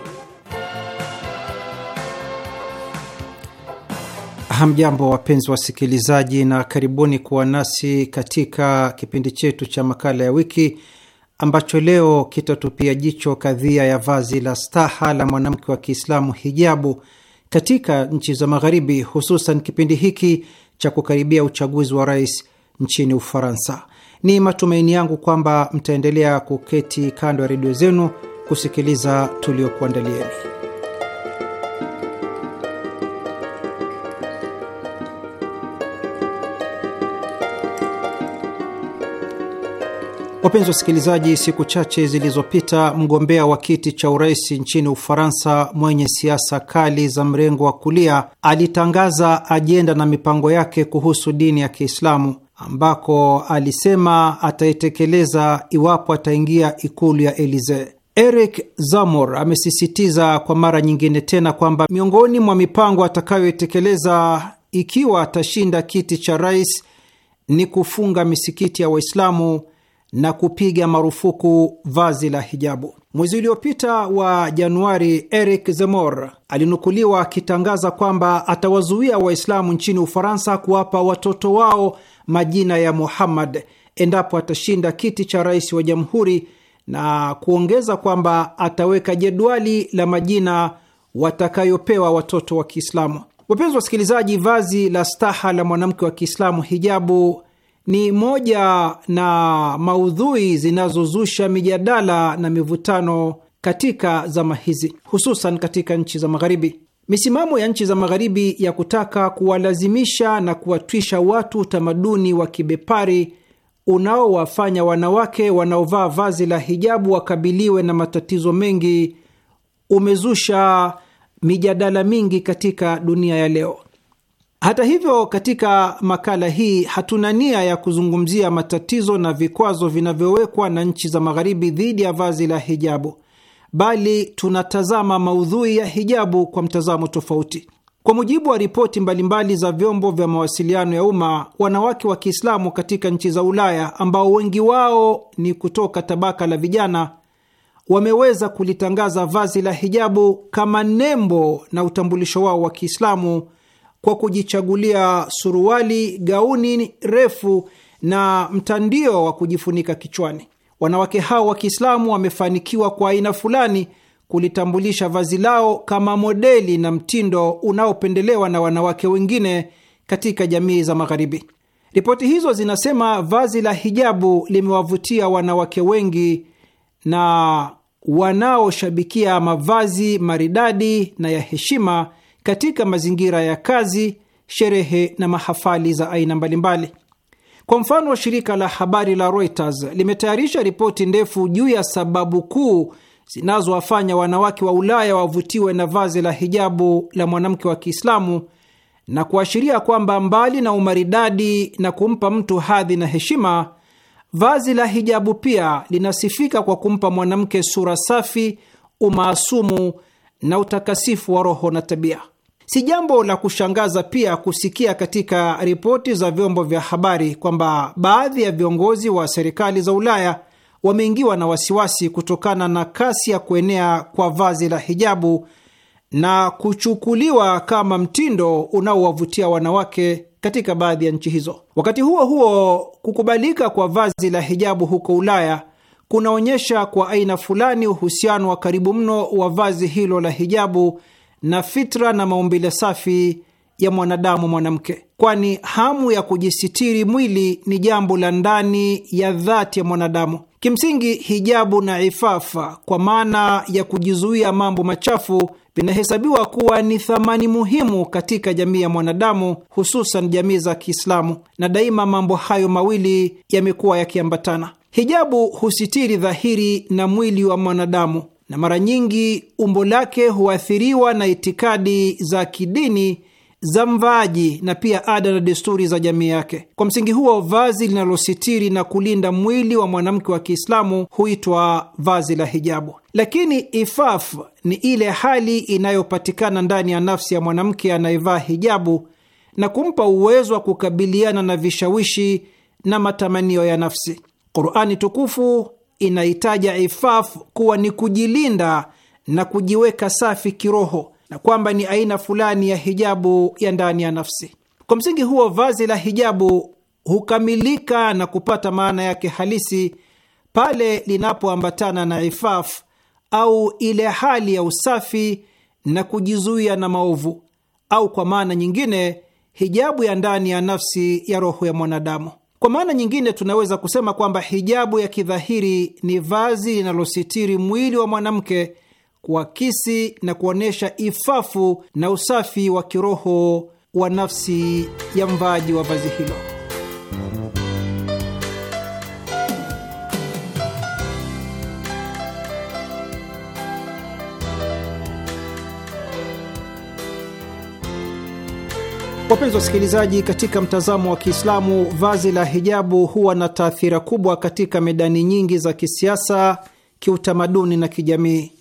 Hamjambo, wapenzi wasikilizaji, na karibuni kuwa nasi katika kipindi chetu cha makala ya wiki ambacho leo kitatupia jicho kadhia ya vazi la staha la mwanamke wa Kiislamu, hijabu, katika nchi za Magharibi, hususan kipindi hiki cha kukaribia uchaguzi wa rais nchini Ufaransa. Ni matumaini yangu kwamba mtaendelea kuketi kando ya redio zenu kusikiliza tuliokuandalieni. Wapenzi wasikilizaji, siku chache zilizopita mgombea wa kiti cha urais nchini Ufaransa mwenye siasa kali za mrengo wa kulia alitangaza ajenda na mipango yake kuhusu dini ya Kiislamu ambako alisema ataitekeleza iwapo ataingia ikulu ya Elisee. Eric Zamor amesisitiza kwa mara nyingine tena kwamba miongoni mwa mipango atakayoitekeleza ikiwa atashinda kiti cha rais ni kufunga misikiti ya Waislamu na kupiga marufuku vazi la hijabu. Mwezi uliopita wa Januari, Eric Zemmour alinukuliwa akitangaza kwamba atawazuia Waislamu nchini Ufaransa kuwapa watoto wao majina ya Muhammad endapo atashinda kiti cha rais wa jamhuri na kuongeza kwamba ataweka jedwali la majina watakayopewa watoto wa Kiislamu. Wapenzi wasikilizaji, vazi la staha la mwanamke wa Kiislamu, hijabu, ni moja na maudhui zinazozusha mijadala na mivutano katika zama hizi, hususan katika nchi za Magharibi. Misimamo ya nchi za Magharibi ya kutaka kuwalazimisha na kuwatwisha watu utamaduni wa kibepari unaowafanya wanawake wanaovaa vazi la hijabu wakabiliwe na matatizo mengi umezusha mijadala mingi katika dunia ya leo. Hata hivyo, katika makala hii hatuna nia ya kuzungumzia matatizo na vikwazo vinavyowekwa na nchi za magharibi dhidi ya vazi la hijabu, bali tunatazama maudhui ya hijabu kwa mtazamo tofauti. Kwa mujibu wa ripoti mbalimbali za vyombo vya mawasiliano ya umma, wanawake wa Kiislamu katika nchi za Ulaya, ambao wengi wao ni kutoka tabaka la vijana, wameweza kulitangaza vazi la hijabu kama nembo na utambulisho wao wa Kiislamu kwa kujichagulia suruali, gauni refu na mtandio wa kujifunika kichwani. Wanawake hao wa Kiislamu wamefanikiwa kwa aina fulani kulitambulisha vazi lao kama modeli na mtindo unaopendelewa na wanawake wengine katika jamii za Magharibi. Ripoti hizo zinasema vazi la hijabu limewavutia wanawake wengi na wanaoshabikia mavazi maridadi na ya heshima katika mazingira ya kazi, sherehe na mahafali za aina mbalimbali. Kwa mfano, shirika la habari la Reuters limetayarisha ripoti ndefu juu ya sababu kuu zinazowafanya wanawake wa Ulaya wavutiwe na vazi la hijabu la mwanamke wa Kiislamu na kuashiria kwamba mbali na umaridadi na kumpa mtu hadhi na heshima, vazi la hijabu pia linasifika kwa kumpa mwanamke sura safi, umaasumu na utakasifu wa roho na tabia. Si jambo la kushangaza pia kusikia katika ripoti za vyombo vya habari kwamba baadhi ya viongozi wa serikali za Ulaya wameingiwa na wasiwasi kutokana na kasi ya kuenea kwa vazi la hijabu na kuchukuliwa kama mtindo unaowavutia wanawake katika baadhi ya nchi hizo. Wakati huo huo, kukubalika kwa vazi la hijabu huko Ulaya kunaonyesha kwa aina fulani uhusiano wa karibu mno wa vazi hilo la hijabu na fitra na maumbile safi ya mwanadamu mwanamke, kwani hamu ya kujisitiri mwili ni jambo la ndani ya dhati ya mwanadamu. Kimsingi, hijabu na ifafa kwa maana ya kujizuia mambo machafu vinahesabiwa kuwa ni thamani muhimu katika jamii ya mwanadamu, hususan jamii za Kiislamu, na daima mambo hayo mawili yamekuwa yakiambatana. Hijabu husitiri dhahiri na mwili wa mwanadamu, na mara nyingi umbo lake huathiriwa na itikadi za kidini za mvaaji na pia ada na desturi za jamii yake. Kwa msingi huo, vazi linalositiri na kulinda mwili wa mwanamke wa Kiislamu huitwa vazi la hijabu. Lakini ifaf ni ile hali inayopatikana ndani ya nafsi ya mwanamke anayevaa hijabu na kumpa uwezo wa kukabiliana na vishawishi na matamanio ya nafsi. Qurani tukufu inaitaja ifaf kuwa ni kujilinda na kujiweka safi kiroho na kwamba ni aina fulani ya hijabu ya ndani ya nafsi. Kwa msingi huo, vazi la hijabu hukamilika na kupata maana yake halisi pale linapoambatana na ifaf au ile hali ya usafi na kujizuia na maovu, au kwa maana nyingine, hijabu ya ndani ya nafsi ya roho ya mwanadamu. Kwa maana nyingine, tunaweza kusema kwamba hijabu ya kidhahiri ni vazi linalositiri mwili wa mwanamke kuakisi na kuonyesha ifafu na usafi wa kiroho wa nafsi ya mvaaji wa vazi hilo. Wapenzi wasikilizaji, katika mtazamo wa Kiislamu, vazi la hijabu huwa na taathira kubwa katika medani nyingi za kisiasa, kiutamaduni na kijamii.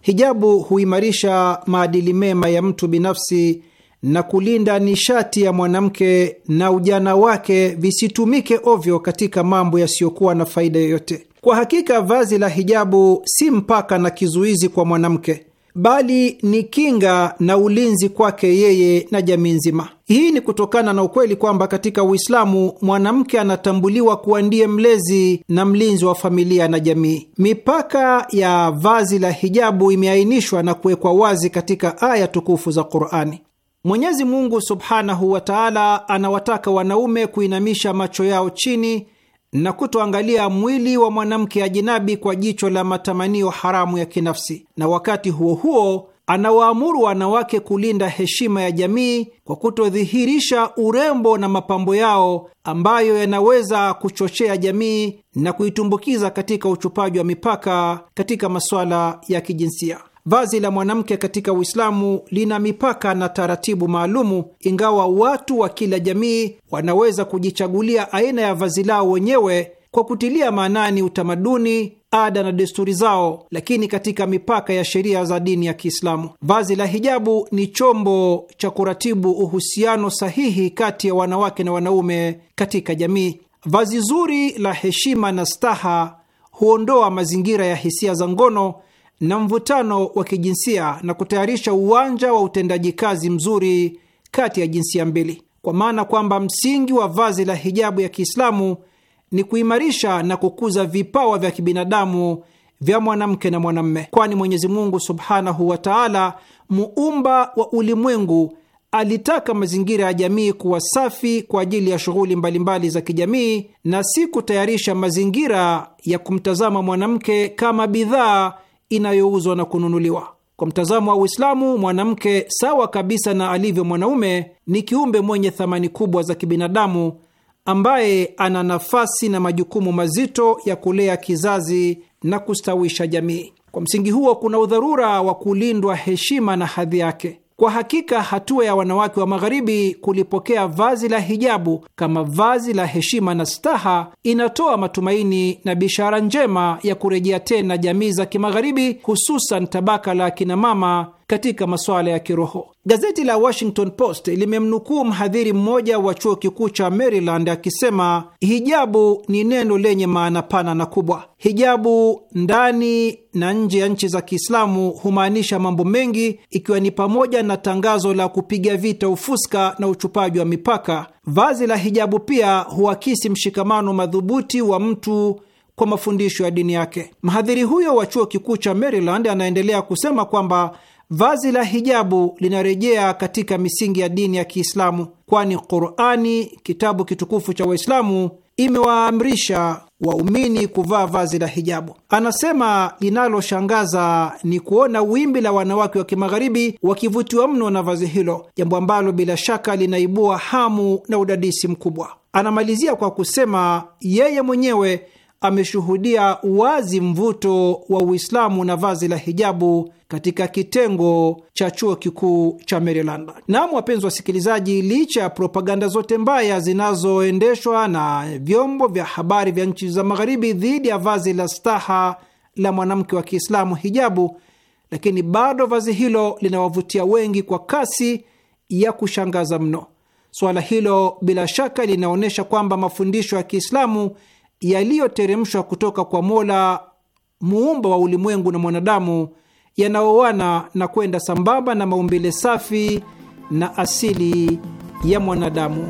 Hijabu huimarisha maadili mema ya mtu binafsi na kulinda nishati ya mwanamke na ujana wake visitumike ovyo katika mambo yasiyokuwa na faida yoyote. Kwa hakika, vazi la hijabu si mpaka na kizuizi kwa mwanamke, bali ni kinga na ulinzi kwake yeye na jamii nzima. Hii ni kutokana na ukweli kwamba katika Uislamu mwanamke anatambuliwa kuwa ndiye mlezi na mlinzi wa familia na jamii. Mipaka ya vazi la hijabu imeainishwa na kuwekwa wazi katika aya tukufu za Qurani. Mwenyezi Mungu subhanahu wa taala anawataka wanaume kuinamisha macho yao chini na kutoangalia mwili wa mwanamke ajinabi kwa jicho la matamanio haramu ya kinafsi, na wakati huo huo anawaamuru wanawake kulinda heshima ya jamii kwa kutodhihirisha urembo na mapambo yao ambayo yanaweza kuchochea jamii na kuitumbukiza katika uchupaji wa mipaka katika masuala ya kijinsia. Vazi la mwanamke katika Uislamu lina mipaka na taratibu maalumu, ingawa watu wa kila jamii wanaweza kujichagulia aina ya vazi lao wenyewe kwa kutilia maanani utamaduni, ada na desturi zao, lakini katika mipaka ya sheria za dini ya Kiislamu. Vazi la hijabu ni chombo cha kuratibu uhusiano sahihi kati ya wanawake na wanaume katika jamii. Vazi zuri la heshima na staha huondoa mazingira ya hisia za ngono na mvutano wa kijinsia na kutayarisha uwanja wa utendaji kazi mzuri kati ya jinsia mbili, kwa maana kwamba msingi wa vazi la hijabu ya Kiislamu ni kuimarisha na kukuza vipawa vya kibinadamu vya mwanamke na mwanamme, kwani Mwenyezi Mungu subhanahu wa taala, muumba wa ulimwengu, alitaka mazingira ya jamii kuwa safi kwa ajili ya shughuli mbalimbali za kijamii na si kutayarisha mazingira ya kumtazama mwanamke kama bidhaa inayouzwa na kununuliwa. Kwa mtazamo wa Uislamu, mwanamke sawa kabisa na alivyo mwanaume ni kiumbe mwenye thamani kubwa za kibinadamu ambaye ana nafasi na majukumu mazito ya kulea kizazi na kustawisha jamii. Kwa msingi huo, kuna udharura wa kulindwa heshima na hadhi yake. Kwa hakika hatua ya wanawake wa Magharibi kulipokea vazi la hijabu kama vazi la heshima na staha inatoa matumaini na bishara njema ya kurejea tena jamii za Kimagharibi, hususan tabaka la akinamama katika masuala ya kiroho. Gazeti la Washington Post limemnukuu mhadhiri mmoja wa chuo kikuu cha Maryland akisema hijabu ni neno lenye maana pana na kubwa. Hijabu ndani na nje ya nchi za Kiislamu humaanisha mambo mengi, ikiwa ni pamoja na tangazo la kupiga vita ufuska na uchupaji wa mipaka. Vazi la hijabu pia huakisi mshikamano madhubuti wa mtu kwa mafundisho ya dini yake. Mhadhiri huyo wa chuo kikuu cha Maryland anaendelea kusema kwamba vazi la hijabu linarejea katika misingi ya dini ya Kiislamu, kwani Qurani, kitabu kitukufu cha Waislamu, imewaamrisha waumini kuvaa vazi la hijabu. Anasema linaloshangaza ni kuona wimbi la wanawake wa kimagharibi wakivutiwa mno na vazi hilo, jambo ambalo bila shaka linaibua hamu na udadisi mkubwa. Anamalizia kwa kusema yeye mwenyewe ameshuhudia wazi mvuto wa Uislamu na vazi la hijabu katika kitengo cha chuo kikuu cha Maryland. Naam, wapenzi wasikilizaji, licha ya propaganda zote mbaya zinazoendeshwa na vyombo vya habari vya nchi za Magharibi dhidi ya vazi la staha la mwanamke wa Kiislamu, hijabu, lakini bado vazi hilo linawavutia wengi kwa kasi ya kushangaza mno. Suala hilo bila shaka linaonyesha kwamba mafundisho ya Kiislamu yaliyoteremshwa kutoka kwa Mola muumba wa ulimwengu na mwanadamu yanaoana na kwenda sambamba na maumbile safi na asili ya mwanadamu.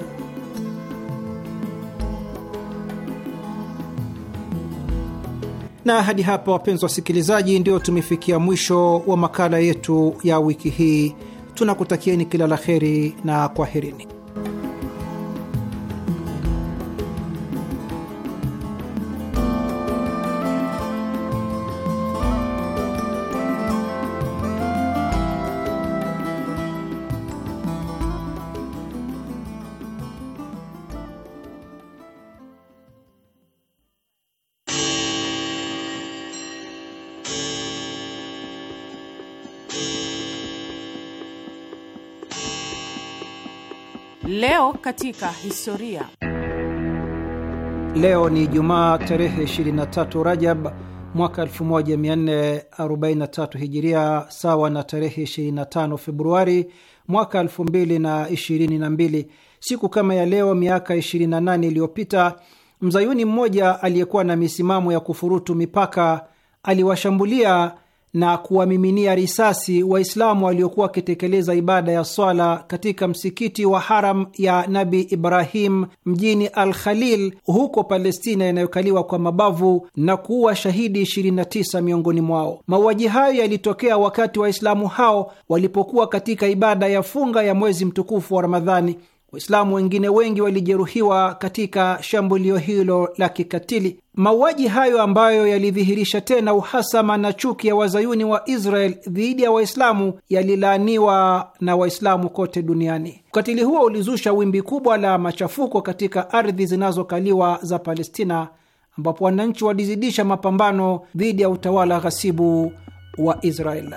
Na hadi hapa, wapenzi wasikilizaji, ndio tumefikia mwisho wa makala yetu ya wiki hii. Tunakutakieni kila la heri na kwaherini. Leo katika historia. Leo ni Jumaa tarehe 23 Rajab mwaka 1443 Hijiria, sawa na tarehe 25 Februari mwaka 2022. Siku kama ya leo miaka 28 iliyopita mzayuni mmoja aliyekuwa na misimamo ya kufurutu mipaka aliwashambulia na kuwamiminia risasi Waislamu waliokuwa wakitekeleza ibada ya swala katika msikiti wa haram ya Nabi Ibrahim mjini Al Khalil huko Palestina inayokaliwa kwa mabavu na kuua shahidi 29 miongoni mwao. Mauaji hayo yalitokea wakati Waislamu hao walipokuwa katika ibada ya funga ya mwezi mtukufu wa Ramadhani. Waislamu wengine wengi walijeruhiwa katika shambulio hilo la kikatili. Mauaji hayo ambayo yalidhihirisha tena uhasama na chuki ya wazayuni wa Israel dhidi ya Waislamu yalilaaniwa na Waislamu kote duniani. Ukatili huo ulizusha wimbi kubwa la machafuko katika ardhi zinazokaliwa za Palestina, ambapo wananchi walizidisha mapambano dhidi ya utawala ghasibu wa Israel.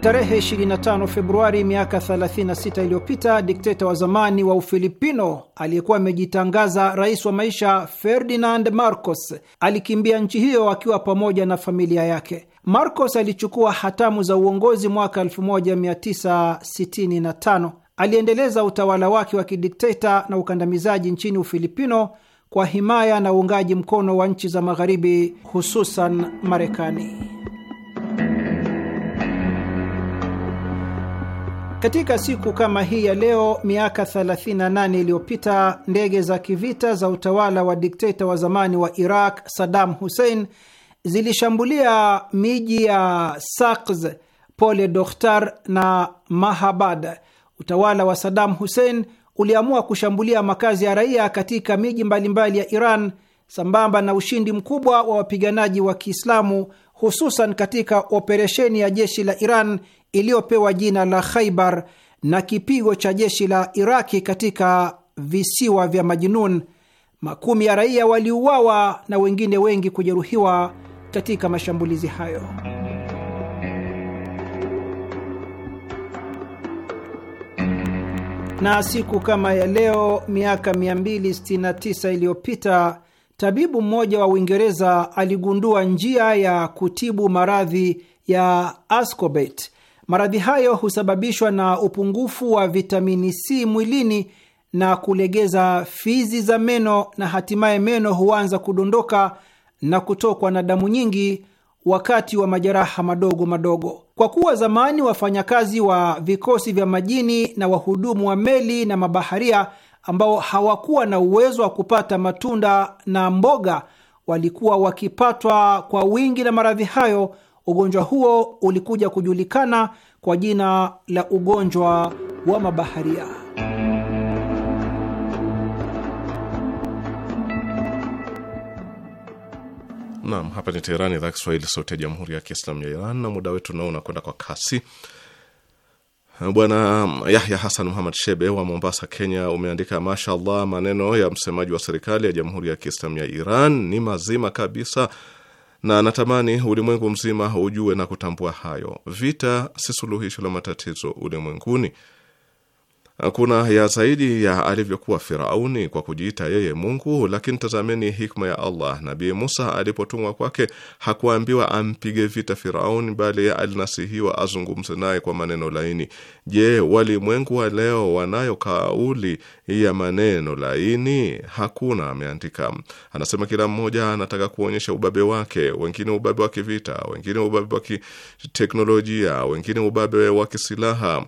Tarehe 25 Februari miaka 36 iliyopita, dikteta wa zamani wa Ufilipino aliyekuwa amejitangaza rais wa maisha Ferdinand Marcos alikimbia nchi hiyo akiwa pamoja na familia yake. Marcos alichukua hatamu za uongozi mwaka 1965. Aliendeleza utawala wake wa kidikteta na ukandamizaji nchini Ufilipino kwa himaya na uungaji mkono wa nchi za Magharibi, hususan Marekani. Katika siku kama hii ya leo miaka 38 iliyopita ndege za kivita za utawala wa dikteta wa zamani wa Iraq Saddam Hussein zilishambulia miji ya Sakz, Pole Dokhtar na Mahabad. Utawala wa Saddam Hussein uliamua kushambulia makazi ya raia katika miji mbalimbali ya Iran sambamba na ushindi mkubwa wa wapiganaji wa Kiislamu hususan katika operesheni ya jeshi la Iran iliyopewa jina la Khaibar na kipigo cha jeshi la Iraki katika visiwa vya Majnun, makumi ya raia waliuawa na wengine wengi kujeruhiwa katika mashambulizi hayo. Na siku kama ya leo miaka 269 iliyopita tabibu mmoja wa Uingereza aligundua njia ya kutibu maradhi ya Ascorbate Maradhi hayo husababishwa na upungufu wa vitamini C mwilini na kulegeza fizi za meno na hatimaye meno huanza kudondoka na kutokwa na damu nyingi wakati wa majeraha madogo madogo. Kwa kuwa zamani wafanyakazi wa vikosi vya majini na wahudumu wa meli na mabaharia ambao hawakuwa na uwezo wa kupata matunda na mboga walikuwa wakipatwa kwa wingi na maradhi hayo, Ugonjwa huo ulikuja kujulikana kwa jina la ugonjwa wa mabaharia. Naam, hapa ni Teherani, idhaa Kiswahili, sauti ya jamhuri ya kiislamu ya Iran, na muda wetu nao unakwenda kwa kasi. Bwana Yahya Hasan Muhamad Shebe wa Mombasa, Kenya, umeandika mashallah, maneno ya msemaji wa serikali ya jamhuri ya kiislamu ya Iran ni mazima kabisa na natamani ulimwengu mzima ujue na kutambua hayo. Vita si suluhisho la matatizo ulimwenguni, kuna ya zaidi ya alivyokuwa Firauni kwa kujiita yeye Mungu. Lakini tazameni hikma ya Allah. Nabii Musa alipotumwa kwake hakuambiwa ampige vita Firauni, bali alinasihiwa azungumze naye kwa maneno laini. Je, walimwengu wa leo wanayo kauli ya maneno laini? Hakuna, ameandika. Anasema kila mmoja anataka kuonyesha ubabe wake, wengine ubabe wa kivita, wengine ubabe wa kiteknolojia, wengine ubabe wa kisilaha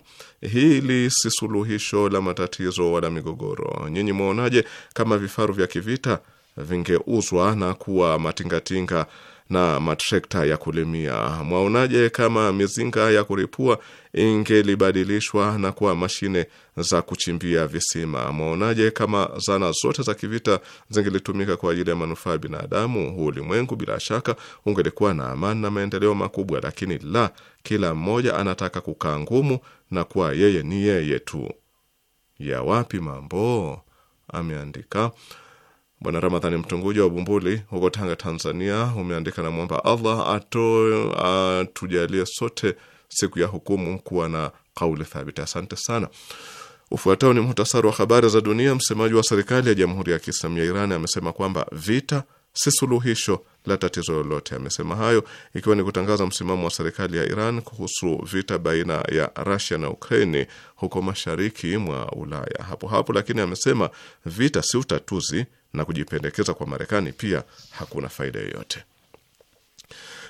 hili si suluhisho la matatizo wala migogoro. Nyinyi mwaonaje kama vifaru vya kivita vingeuzwa na kuwa matingatinga na matrekta ya kulimia. Mwaonaje kama mizinga ya kuripua ingelibadilishwa na kuwa mashine za kuchimbia visima? Mwaonaje kama zana zote za kivita zingelitumika kwa ajili ya manufaa ya binadamu? Huu ulimwengu bila shaka ungelikuwa na amani na maendeleo makubwa, lakini la, kila mmoja anataka kukaa ngumu na kuwa yeye ni yeye tu. Ya wapi mambo, ameandika Bwana Ramadhani Mtunguja wa Bumbuli huko Tanga, Tanzania, umeandika na mwamba Allah atujalie sote siku ya hukumu kuwa na kauli thabiti. Asante sana. Ufuatao ni muhtasari wa habari za dunia. Msemaji wa serikali ya Jamhuri ya Kiislamu ya Iran amesema kwamba vita si suluhisho la tatizo lolote. Amesema hayo ikiwa ni kutangaza msimamo wa serikali ya Iran kuhusu vita baina ya Rusia na Ukraini huko mashariki mwa Ulaya hapo hapo, lakini amesema vita si utatuzi na kujipendekeza kwa Marekani pia hakuna faida yoyote.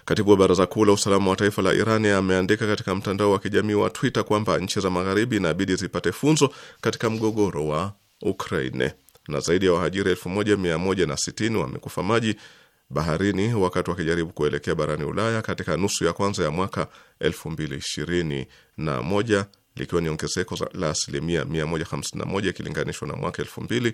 Katibu wa Baraza Kuu la Usalama wa Taifa la iran ameandika katika mtandao wa kijamii wa Twitter kwamba nchi za Magharibi inabidi zipate funzo katika mgogoro wa Ukraine. Na zaidi ya wahajiri elfu moja mia moja na sitini wamekufa maji baharini wakati wakijaribu kuelekea barani Ulaya katika nusu ya kwanza ya mwaka 2021 likiwa ni ongezeko la asilimia 151 ikilinganishwa na mwaka 2020